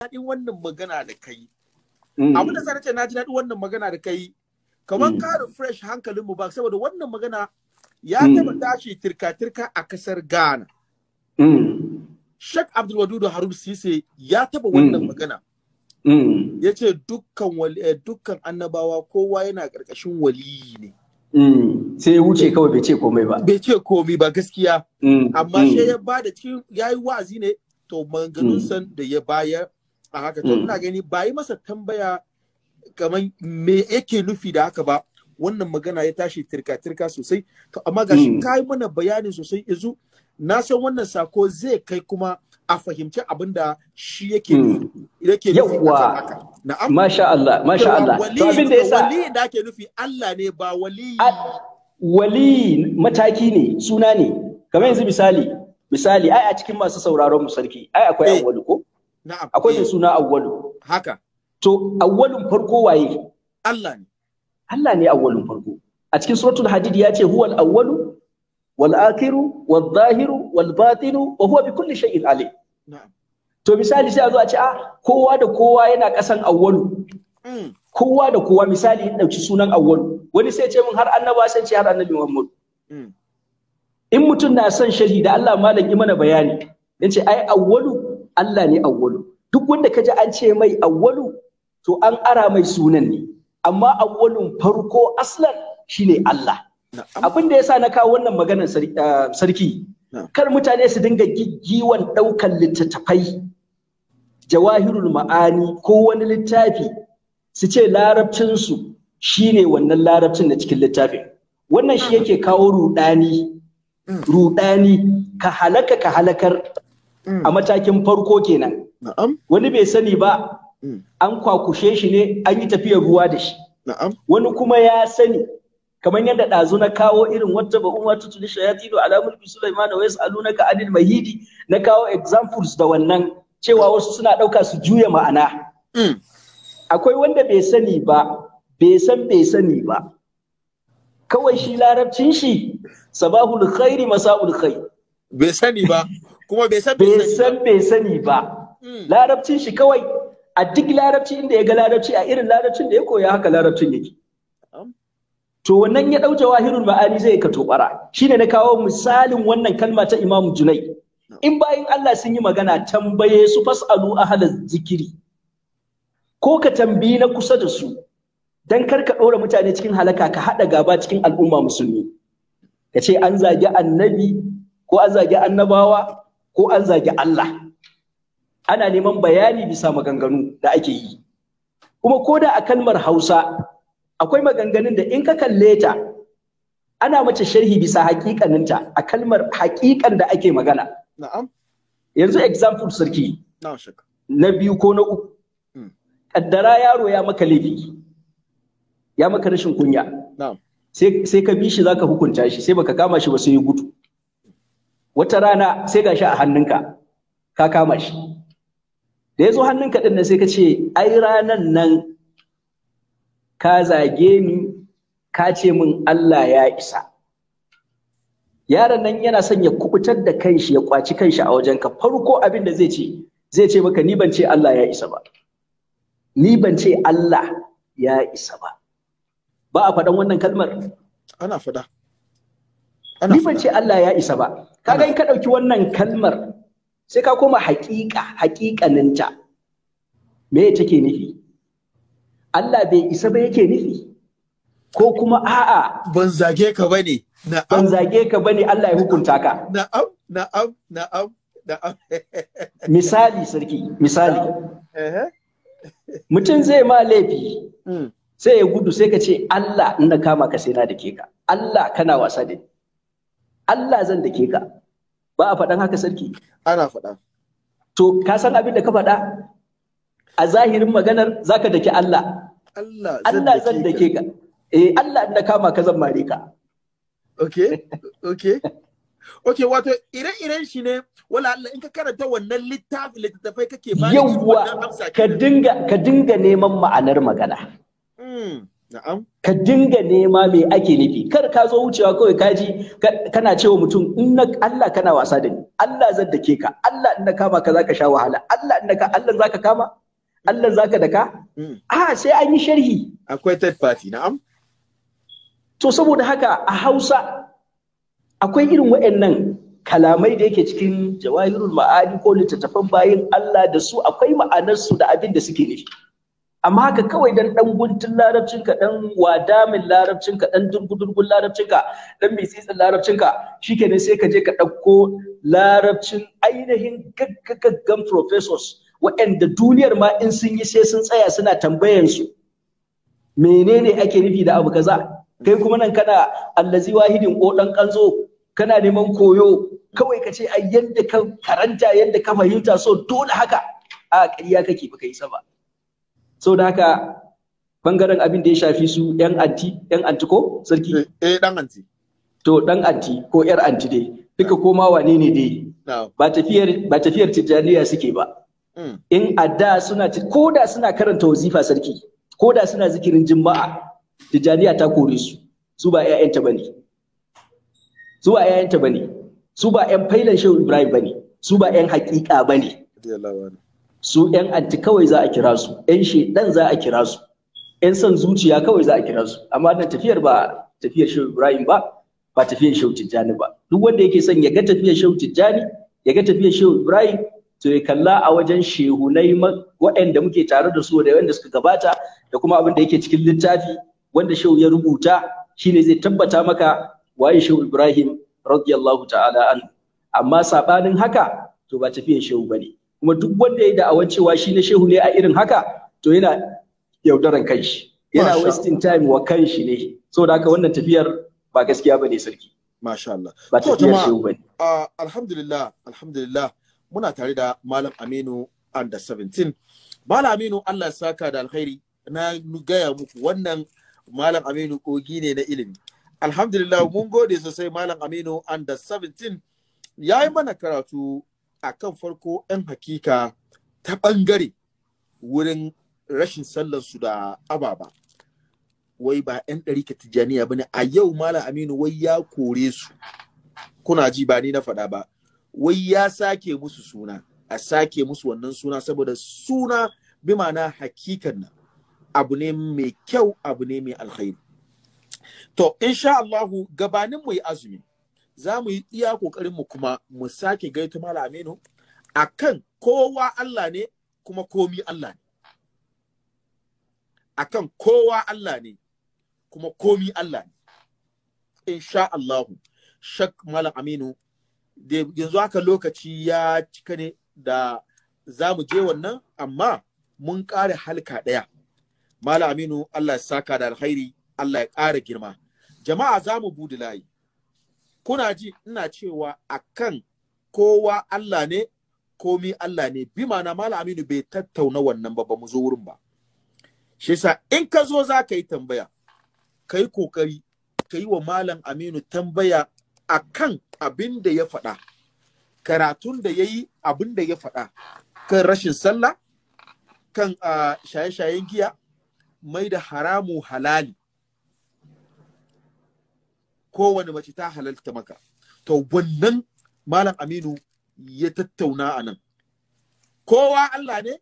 daɗin wannan magana da kai. Mm. Abin da zan ce na ji daɗin wannan magana da kai, kamar mm. ka refresh hankalinmu ba saboda wannan magana ya mm. taɓa tashi tirka-tirka a ƙasar Ghana. Sheikh Abdul Wadudu Harun Sise ya taɓa wannan magana. Ya ce eh, dukkan annabawa kowa yana ƙarƙashin waliyi ne. sai ya wuce kawai bai ce komai ba. Bai ce komai ba gaskiya. Amma shi ya ba da cikin ya yi wa'azi ne to maganin san da ya bayar a haka to mm. ina gani ba yi masa tambaya kamar me yake nufi da haka ba wannan magana ya tashi tirka-tirka sosai to amma ga shi mm. kai mana bayani sosai izu na san wannan sako zai kai kuma a fahimci abin da shi yake mm. yake nufi na'am masha Allah masha Allah to abin da yasa wali da ake nufi Allah ne ba wali wali mataki ne suna ne kamar yanzu misali misali ai a cikin masu sauraron mu sarki ai akwai eh. an wali ko Na'am. Akwai mai eh. suna awwalu. Haka. To awwalun farko waye? Allah ne. Allah ne awwalun farko. A cikin suratul Hadid ya ce huwal awwalu wal akiru wal zahiru wal batinu wa huwa bi kulli shay'in alim. Na'am. To misali sai a zo a ce a ah, kowa da kowa yana kasan awwalu. Hmm. Kowa da kowa misali in dauki sunan awwalu. Wani sai ce min har annaba san ce har annabi Muhammad. Hmm. In mutum na son shahida Allah malam yi mana bayani. Yace ai awwalu Allah ne awwalu duk wanda kaji an ce mai awwalu to an ara mai sunan ne amma awwalun farko aslan shine Allah abin da yasa na kawo wannan maganar eh, sarki kar mutane su dinga giwan daukan littattafai jawahirul ma'ani ko wani littafi su ce larabcinsu shine wannan larabcin na cikin littafin wannan shi yake kawo rudani mm. rudani ka halaka ka halakar Mm. a matakin farko kenan wani bai sani ba mm. an kwakushe shi ne an yi tafiyar ruwa da shi wani kuma ya sani kamar yadda ɗazu na kawo irin wata ba'un wata tuni da ala bi sulaiman wa yas'alunaka anil mahidi na kawo examples da wannan cewa wasu suna ɗauka su juya ma'ana mm. akwai wanda bai sani ba bai san bai sani ba kawai shi larabcin shi sabahul khairi masa'ul khairi. bai sani ba kuma bai san bai san bai sani ba hmm. larabcin shi kawai a duk larabci inda ya ga larabci a irin larabcin da ya koya haka larabcin yake to wannan ya dau jawahirul ma'ani zai ka tobara shine na kawo misalin wannan kalma ta Imam Junai in bayin Allah sun yi magana tambaye su fasalu ahlaz zikiri ko ka tambayi na kusa da su dan kar ka ɗora mutane cikin halaka ka haɗa gaba cikin al'umma musulmi ka ce an zagi annabi ko an zagi annabawa ko an zagi Allah ana neman bayani bisa maganganu da ake yi kuma ko da a kalmar hausa akwai maganganun da in ka kalle ta ana mace sharhi bisa hakikaninta a kalmar hakikan da ake magana na'am yanzu example sarki na biyu ko na uku hmm. kaddara yaro ya maka laifi ya maka rashin kunya sai ka bi shi zaka hukunta shi sai baka kama shi ba sai ya gudu wata rana sai gashi a hannunka ka kama shi da ya zo hannunka ɗin nan sai ka ce ai ranan nan ka zage ni ka ce min Allah ya isa yaron nan yana son ya kubutar da kanshi ya kwaci kanshi a wajenka farko abin da zai ce zai ce maka ni ban ce Allah ya isa ba ni ban ce Allah ya isa ba ba a faɗan wannan kalmar ana faɗa ni ban ce Allah ya isa ba kaga in ka ɗauki wannan kalmar sai ka koma haƙiƙa haƙiƙaninta me take nufi Allah bai isa ba yake nufi ko kuma a'a ban zage ka bane na'am ban zage ka bane Allah ya hukunta ka na'am na'am na'am na'am misali sarki misali mutum zai ma laifi hmm. sai ya gudu sai ka ce Allah ina na kama ka sai na dake ka Allah kana wasa da ni Allah zan dake ka ba a faɗan haka sarki ana faɗa to ka san abin da ka faɗa a zahirin maganar zaka dake Allah Allah zan dake ka eh Allah inda kama ka zan mare ka okay okay Ok, wato ire-iren shi ne wala Allah in ka karanta wannan littafi littattafai kake ba Yawwa ka dinga ka dinga neman ma'anar magana. ka dinga nema me ake nufi kar ka zo wucewa kawai kaji kana cewa mutum in na Allah kana wasa da ni Allah zan dake ka Allah in na kama ka zaka sha wahala Allah in ka Allah zaka kama Allah zaka daka mm. a sai an yi sharhi akwai third party na'am to saboda haka a Hausa akwai irin waɗannan kalamai da yake cikin jawahirul ma'adi ko littattafan bayin Allah da su akwai ma'anar su da abin da suke nufi amma haka kawai dan dan guntun larabcin ka dan wadamin larabcin ka dan durgudurgun larabcin ka dan bisitsin larabcin ka shikenan sai ka je ka ɗauko larabcin ainihin gaggaggan professors waɗanda duniyar ma in sun yi sai sun tsaya suna tambayan su menene ake nufi da abu kaza kai kuma nan kana allazi wahidin ko dan kanzo kana neman koyo kawai ka ce ai yadda ka karanta yadda ka fahimta so dole haka a ƙarya kake baka yi sa ba so da haka bangaren abin da ya shafi su yan anti yan anti ko sarki eh dan anti to dan anti ko yar anti dai duka ah. koma wane ne dai ba tafiyar ba tafiyar tijaniya suke ba mm. in adda suna ko da suna karanta wazifa sarki ko da suna zikirin jima'a tijaniya ta kore su su ba ta bane su ba ta bane su ba 'yan failan shehu ibrahim bane su ba yan haƙiƙa bane su yan anti kawai za a kira su yan shedan za a kira su yan son zuciya kawai za a kira su amma nan tafiyar ba tafiyar shehu ibrahim ba ba tafiyar shehu tijjani ba duk wanda yake son ya ga tafiyar shehu tijjani ya ga tafiyar shehu ibrahim to ya kalla a wajen Shehu shehunai waɗanda muke tare da su da wanda suka gabata da kuma abin da yake cikin littafi wanda shehu ya rubuta shine zai tabbata maka waye shehu ibrahim radiyallahu ta'ala an amma sabanin haka to ba tafiyar shehu bane kuma duk wanda ya da'awa cewa shi na shehu ne a irin haka to yana yaudaran kanshi yana wasting time wa kanshi ne saboda haka wannan tafiyar ba gaskiya bane sarki masha Allah ba tafiyar shehu bane alhamdulillah alhamdulillah muna tare da malam Aminu under 17 malam Aminu Allah saka da alkhairi na gaya muku wannan malam Aminu kogi ne na ilimi alhamdulillah mun gode sosai malam Aminu under 17 yayi mana karatu a kan farko 'yan hakika ta ɓangare wurin rashin sallansu da ababa wai ba 'yan ɗarika tijjaniya ba ne a yau malam aminu wai ya kore su kuna ji ba ni na faɗa ba wai ya sake musu suna a sake musu wannan suna saboda suna bi ma'ana hakikan nan abu ne mai kyau abu ne mai alkhairi to insha Allahu gabanin mu yi azumi za mu yi iya kokarin mu kuma mu sake gaito malaminu kan kowa Allah ne kuma komi Allah ne akan kowa Allah ne kuma komi Allah ne sha Allahu shak malam aminu yanzu haka lokaci ya cika ne da za mu je wannan amma mun ƙara halka ɗaya malam aminu Allah ya saka da alhairi Allah ya ƙara girma jama'a za mu budi layi kuna ji ina cewa a kan kowa Allah ne komi Allah ne bi ma'ana malam Aminu bai tattauna wannan ba ba mu zo wurin ba shi sa in ka zo za ka yi tambaya ka yi kokari ka yi wa malam Aminu tambaya a kan abin da ya faɗa karatun da ya yi abin da ya faɗa kan rashin sallah kan ah, shaye-shayen giya mai da haramu halali kowane mace ta halalta maka to wannan malam aminu ya tattauna a nan kowa Allah ne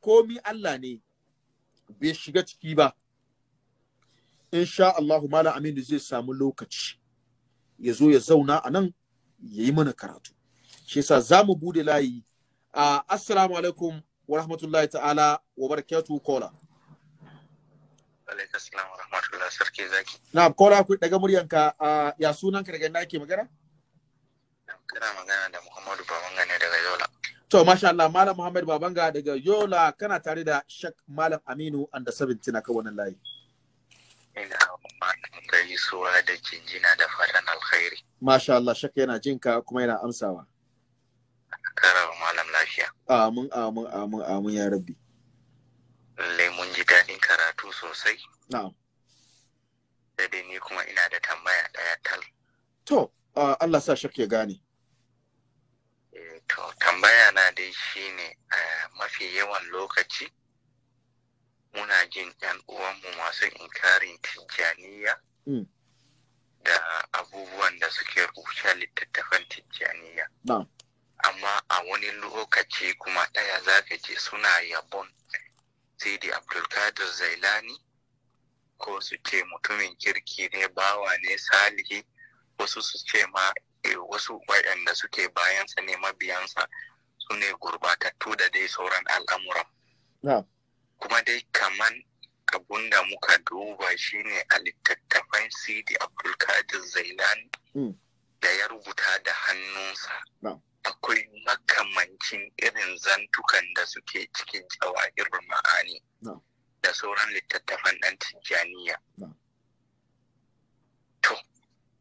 komi Allah ne bai shiga ciki ba sha Allahu malam aminu zai samu lokaci ya zo ya zauna a nan ya yi mana karatu shi yasa za mu bude layi a assalamu alaikum wa rahmatullahi ta'ala wa barakatuhu kola rahmatullah sarki zaki. Na kola ku daga muryanka a ya sunan ka daga ina ke magana? Kana magana da Muhammadu Babanga ne daga Yola. To masha Allah Malam Muhammadu Babanga daga Yola kana tare da Shak Malam Aminu and the na akan wannan layi. Ina malam gaisuwa da jinjina da fatan alkhairi. Masha Allah Shak yana jinka kuma yana amsawa. Karar malam lafiya. Amin amin amin amin ya rabbi. lai mun ji daɗin karatu sosai. Na'am. da ni kuma ina da tambaya ɗaya tal. To, Allah sa ya gane. Eh, to, tambaya na dai shine mafi yawan lokaci muna jin ‘yan uwanmu masu inkarin tijjaniya mm. da abubuwan da suke rushe littattafan tijjaniya. Amma a wani lokaci kuma ɗaya zaka ka ce suna yabon Sidi Abdulkadir Zailani. ko su ce mutumin kirki ne bawa ne salihi wasu su ce ma eh, wasu waɗanda suke bayansa ne mabiyansa su ne gurbatattu da dai sauran al'amuran. Kuma dai kaman abun da muka duba shine a littattafan Sidi Abdulkadir Zailani hmm. da ya rubuta da hannunsa. Akwai makamancin irin zantukan da suke cikin jawahir ma'ani. sauran littattafan ɗan tijjaniya to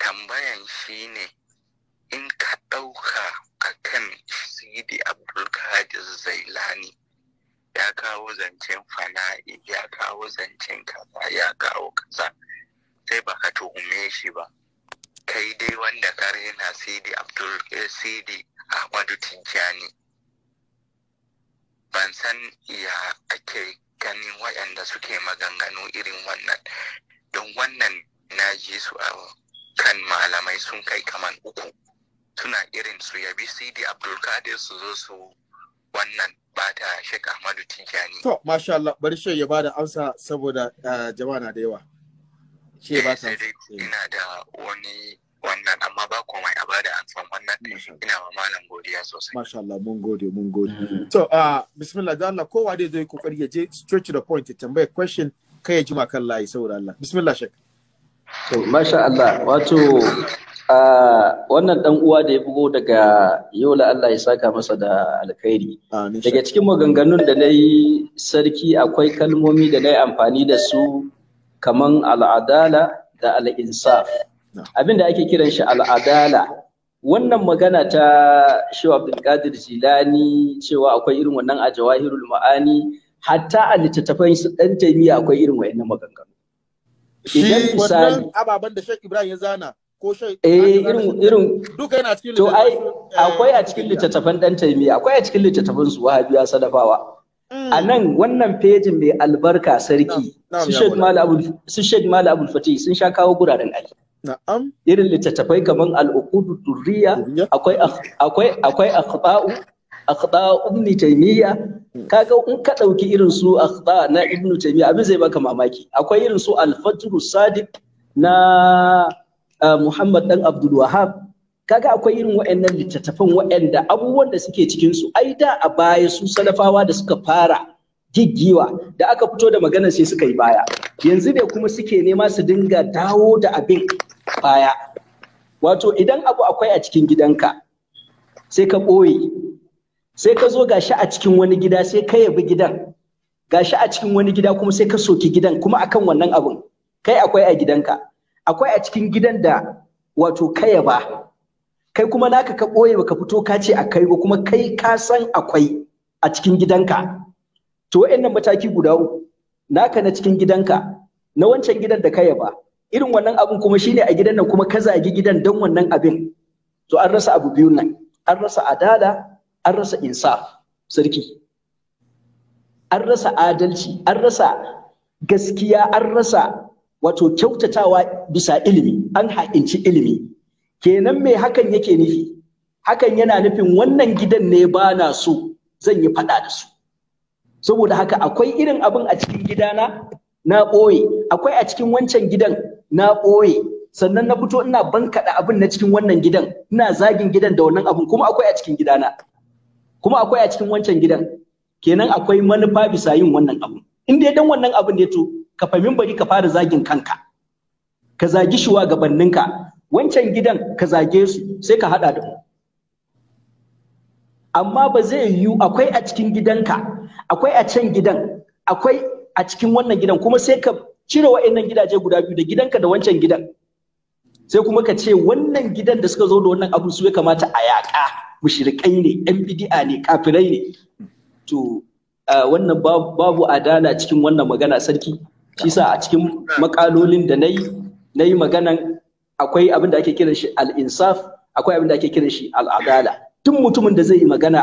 tambayan shi ne in ka ɗauka a kan sidi abdulkadir zailani ya kawo zancen fana'i ya kawo zancen kaza ya kawo kaza sai ba ka tuhume shi ba kai dai wanda ka rena sidi abdul eh, sidi ahmadu tijjani ban san ya ake dukkanin waɗanda suke maganganu irin wannan don wannan na ji su a kan malamai sun kai kaman uku suna irin su yabi sidi abdulkadir su zo su wannan bata shek Ahmadu Tijani. To, masha Allah, bari shi ya bada amsa saboda eh, jama'a na da yawa. Shi ba ta. Ina da wani wannan amma ba komai a bada amsan wannan ina ma malam godiya sosai masha Allah mun gode mun gode mm. so uh, bismillah da Allah kowa dai zai kokari ya je straight to the point ya tambaya question kai ya jima kan layi saboda Allah bismillah shek to masha Allah wato uh, wannan dan uwa da ya bugo daga yola Allah ya saka masa da alkhairi daga cikin maganganun da na yi sarki akwai kalmomi da na yi amfani da su kaman al'adala da al'insaf abin da ake kiran shi al'adala wannan magana ta shehu abdulkadir jilani cewa akwai irin wannan a jawahirul ma'ani hatta a littattafan su dan taimiya akwai irin wayannan maganganu idan misali ababen da shek ibrahim ya zana ko shek eh irin irin duka yana cikin to ai akwai a cikin littattafan dan taimiya akwai a cikin littattafan su wahabiya sadafawa mm. a nan wannan fejin mai albarka sarki su shek mal abul fatih sun sha kawo guraren aiki Na'am. Irin littattafai kamar al'uqudu durriya akwai akwai akwai akhta'u ibn taymiya kaga in ka dauki irin su akhta na ibn taymiya abin zai baka mamaki akwai irin su al-fajr sadiq na ah, Muhammad dan Abdul kaga akwai irin waɗannan littattafan waɗanda abubuwan da suke cikin su ai da a baya su salafawa da suka fara giggiwa da aka fito da magana sai suka yi baya yanzu ne kuma suke nema su dinga dawo da abin baya wato idan abu akwai a cikin gidanka sai ka ɓoye sai ka zo gashi a cikin wani gida sai ka yabi gidan gashi a cikin wani gida kuma sai ka soki gidan kuma akan wannan abun kai akwai a gidanka akwai a cikin gidan da wato kaya yaba kai kuma naka ka ɓoye baka fito ka ce a kai ba kuma kai ka san akwai a cikin gidanka to wa'annan mataki guda uku naka na cikin gidanka na wancan gidan da ka yaba irin wannan abin kuma shine a gidan nan kuma ka zagi gidan dan wannan abin to an rasa abu biyun nan an rasa adala an rasa insaf sarki an rasa adalci an rasa gaskiya an rasa wato kyautatawa bisa ilimi an ha'inci ilimi kenan me hakan yake nufi hakan yana nufin wannan gidan ne ba na so zan yi faɗa da su saboda haka akwai irin abin a cikin gidana na ɓoye akwai a cikin wancan gidan na ɓoye sannan na fito ina bankaɗa abin na cikin wannan gidan ina zagin gidan da wannan abin kuma akwai a cikin gidana kuma akwai a cikin wancan gidan kenan akwai manufa bisa yin wannan abin in dai dan wannan abin ne to ka fahimin bari ka fara zagin kanka ka zagi shuwa gabanninka wancan gidan ka zage su sai ka haɗa da mu amma ba zai yiwu akwai a cikin gidanka akwai a can gidan akwai a cikin wannan gidan kuma sai ka cire wa'annan gidaje guda biyu da gidanka da wancan gidan sai kuma ka ce wannan gidan da suka zo da wannan abu su ya kamata a yaƙa mushrikai ne yan bidi'a ne kafirai ne to wannan babu adala cikin wannan magana sarki shi sa a cikin makalolin da na yi maganan akwai abin da ake kiran shi al-insaf akwai abin da ake kiran shi al-adala duk mutumin da zai yi magana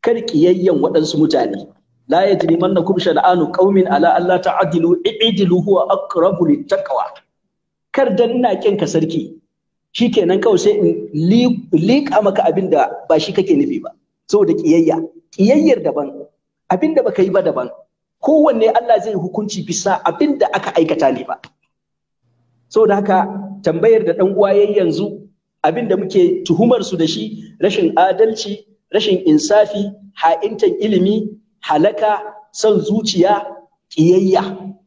kar kiyayyan waɗansu mutane la kum shan'anu qaumin ala alla ta'dilu i'dilu huwa aqrabu littaqwa kar dan ina kin ka sarki shikenan kawai sai in liƙa maka abin da ba shi kake nufi ba saboda kiyayya kiyayyar daban abin da baka yi ba daban kowanne Allah zai hukunci bisa abin da aka aikata ne ba saboda haka tambayar da dan uwa yayi yanzu abin da muke tuhumar su da shi rashin adalci rashin insafi ha'intan ilimi halaka son zuciya ƙiyayya